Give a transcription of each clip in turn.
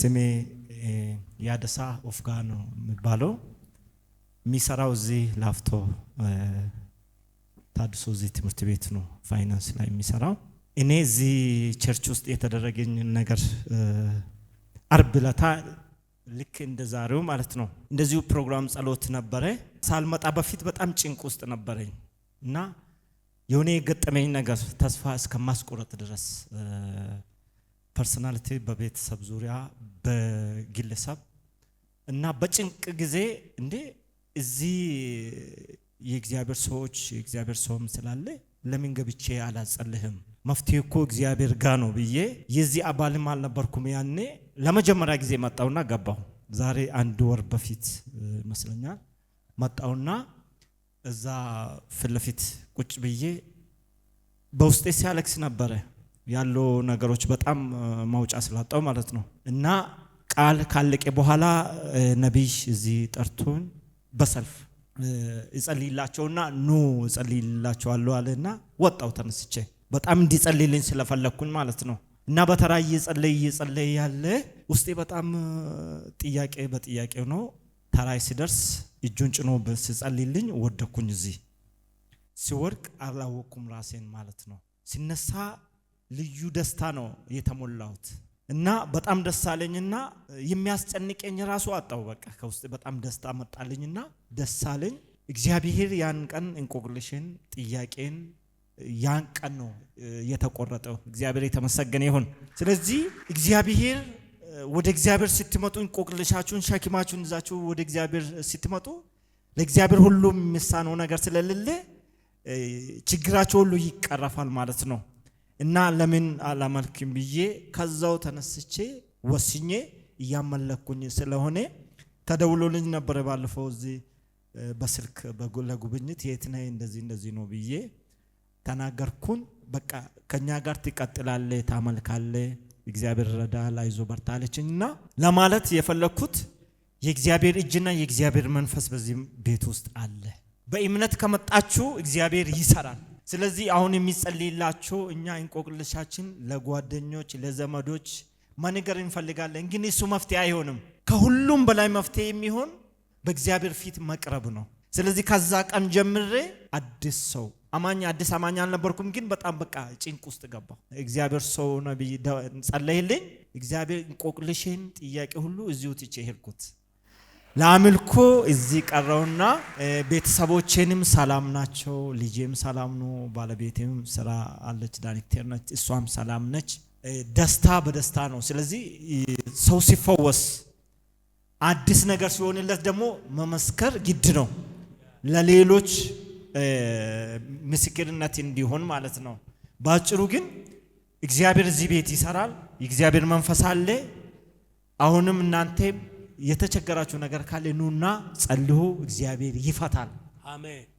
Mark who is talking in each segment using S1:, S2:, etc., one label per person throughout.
S1: ስሜ ያደሳ ኦፍጋ ነው የሚባለው። የሚሰራው እዚህ ላፍቶ ታድሶ እዚህ ትምህርት ቤት ነው ፋይናንስ ላይ የሚሰራው። እኔ እዚህ ቸርች ውስጥ የተደረገኝ ነገር አርብ ለታ ልክ እንደ ዛሬው ማለት ነው እንደዚሁ ፕሮግራም ጸሎት ነበረ። ሳልመጣ በፊት በጣም ጭንቅ ውስጥ ነበረኝ እና የሆነ የገጠመኝ ነገር ተስፋ እስከማስቆረጥ ድረስ ፐርሶናሊቲ በቤተሰብ ዙሪያ በግለሰብ እና በጭንቅ ጊዜ እንዴ እዚህ የእግዚአብሔር ሰዎች የእግዚአብሔር ሰውም ስላለ ለምን ገብቼ አላጸልህም? መፍትሄ እኮ እግዚአብሔር ጋ ነው ብዬ የዚህ አባልም አልነበርኩም። ያኔ ለመጀመሪያ ጊዜ መጣውና ገባሁ። ዛሬ አንድ ወር በፊት ይመስለኛል መጣውና እዛ ፊት ለፊት ቁጭ ብዬ በውስጤ ሲያለቅስ ነበረ ያሉ ነገሮች በጣም ማውጫ ስላጣው ማለት ነው። እና ቃል ካለቀ በኋላ ነቢይ እዚህ ጠርቶን በሰልፍ እጸልይላቸውና ኑ እጸልይላቸዋለሁ አለና ወጣው ተነስቼ በጣም እንዲጸልይልኝ ስለፈለግኩኝ ማለት ነው። እና በተራ እየጸለይ እየጸለይ ያለ ውስጤ በጣም ጥያቄ በጥያቄ ነው። ተራይ ሲደርስ እጁን ጭኖ ሲጸልይልኝ ወደኩኝ። እዚህ ሲወድቅ አላወቅኩም ራሴን ማለት ነው። ሲነሳ ልዩ ደስታ ነው የተሞላሁት እና በጣም ደስ አለኝና የሚያስጨንቀኝ ራሱ አጣው። በቃ ከውስጥ በጣም ደስታ መጣልኝና ደስ አለኝ። እግዚአብሔር ያን ቀን እንቆቅልሽን፣ ጥያቄን ያን ቀን ነው የተቆረጠው። እግዚአብሔር የተመሰገነ ይሁን። ስለዚህ እግዚአብሔር ወደ እግዚአብሔር ስትመጡ እንቆቅልሻችሁን፣ ሸክማችሁን ይዛችሁ ወደ እግዚአብሔር ስትመጡ ለእግዚአብሔር ሁሉም የሚሳነው ነገር ስለሌለ ችግራቸው ሁሉ ይቀረፋል ማለት ነው። እና ለምን አላመልክም ብዬ ከዛው ተነስቼ ወስኜ እያመለኩኝ ስለሆነ ተደውሎልኝ ነበረ። ባለፈው እዚህ በስልክ ለጉብኝት የት ነህ እንደዚህ እንደዚህ ነው ብዬ ተናገርኩን። በቃ ከእኛ ጋር ትቀጥላለ ታመልካለ እግዚአብሔር ረዳ ላይዞ በርታለችኝ እና ለማለት የፈለግኩት የእግዚአብሔር እጅና የእግዚአብሔር መንፈስ በዚህ ቤት ውስጥ አለ። በእምነት ከመጣችሁ እግዚአብሔር ይሰራል። ስለዚህ አሁን የሚጸልይላችሁ እኛ እንቆቅልሻችን ለጓደኞች ለዘመዶች መንገር እንፈልጋለን፣ ግን እሱ መፍትሄ አይሆንም። ከሁሉም በላይ መፍትሄ የሚሆን በእግዚአብሔር ፊት መቅረብ ነው። ስለዚህ ከዛ ቀን ጀምሬ አዲስ ሰው አማኝ አዲስ አማኝ አልነበርኩም፣ ግን በጣም በቃ ጭንቅ ውስጥ ገባሁ። እግዚአብሔር ሰው ነብይ ጸለይልኝ። እግዚአብሔር እንቆቅልሽን ጥያቄ ሁሉ እዚሁ ትቼ ሄድኩት። ለአምልኮ እዚህ ቀረውና ቤተሰቦቼንም ሰላም ናቸው። ልጄም ሰላም ነው። ባለቤቴም ስራ አለች፣ ዳይሬክተር ነች። እሷም ሰላም ነች። ደስታ በደስታ ነው። ስለዚህ ሰው ሲፈወስ አዲስ ነገር ሲሆንለት ደግሞ መመስከር ግድ ነው፣ ለሌሎች ምስክርነት እንዲሆን ማለት ነው። በአጭሩ ግን እግዚአብሔር እዚህ ቤት ይሰራል። እግዚአብሔር መንፈስ አለ። አሁንም እናንተ የተቸገራችሁ ነገር ካለ ኑና ጸልሁ፣ እግዚአብሔር ይፈታል።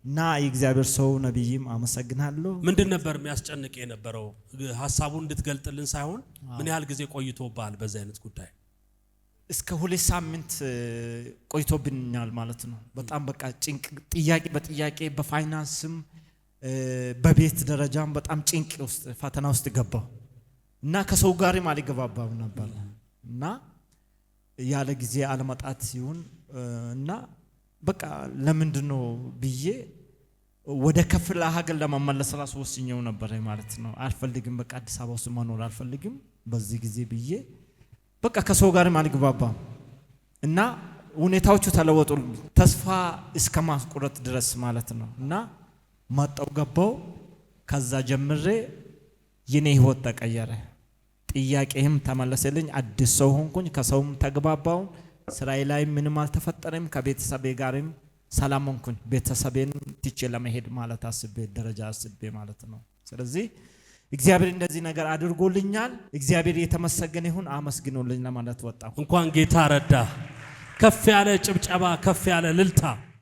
S1: እና የእግዚአብሔር ሰው ነቢይም አመሰግናለሁ።
S2: ምንድን ነበር የሚያስጨንቅ የነበረው? ሀሳቡን እንድትገልጥልን ሳይሆን ምን ያህል ጊዜ ቆይቶብሃል? በዚህ አይነት ጉዳይ
S1: እስከ ሁለት ሳምንት ቆይቶብኛል ማለት ነው። በጣም በቃ ጭንቅ፣ ጥያቄ በጥያቄ በፋይናንስም በቤት ደረጃም በጣም ጭንቅ ውስጥ ፈተና ውስጥ ገባው እና ከሰው ጋርም አልገባባም ነበር እና ያለ ጊዜ አለመጣት ሲሆን እና በቃ ለምንድን ነው ብዬ ወደ ከፍለ ሀገር ለመመለስ ራሱ ወስኘው ነበረ ማለት ነው። አልፈልግም፣ በቃ አዲስ አበባ ውስጥ መኖር አልፈልግም በዚህ ጊዜ ብዬ በቃ ከሰው ጋርም አልግባባም እና ሁኔታዎቹ ተለወጡ። ተስፋ እስከ ማስቆረጥ ድረስ ማለት ነው እና መጣው ገባው። ከዛ ጀምሬ የኔ ህይወት ተቀየረ። ጥያቄህም ተመለሰልኝ። አዲስ ሰው ሆንኩኝ። ከሰውም ተግባባው። ስራዬ ላይ ምንም አልተፈጠረም። ከቤተሰቤ ጋርም ሰላም ሆንኩኝ። ቤተሰቤን ትቼ ለመሄድ ማለት አስቤ ደረጃ አስቤ ማለት ነው። ስለዚህ እግዚአብሔር እንደዚህ ነገር አድርጎልኛል። እግዚአብሔር የተመሰገነ ይሁን። አመስግኖልኝ ለማለት ወጣሁ። እንኳን ጌታ ረዳ። ከፍ ያለ ጭብጨባ፣ ከፍ ያለ ልልታ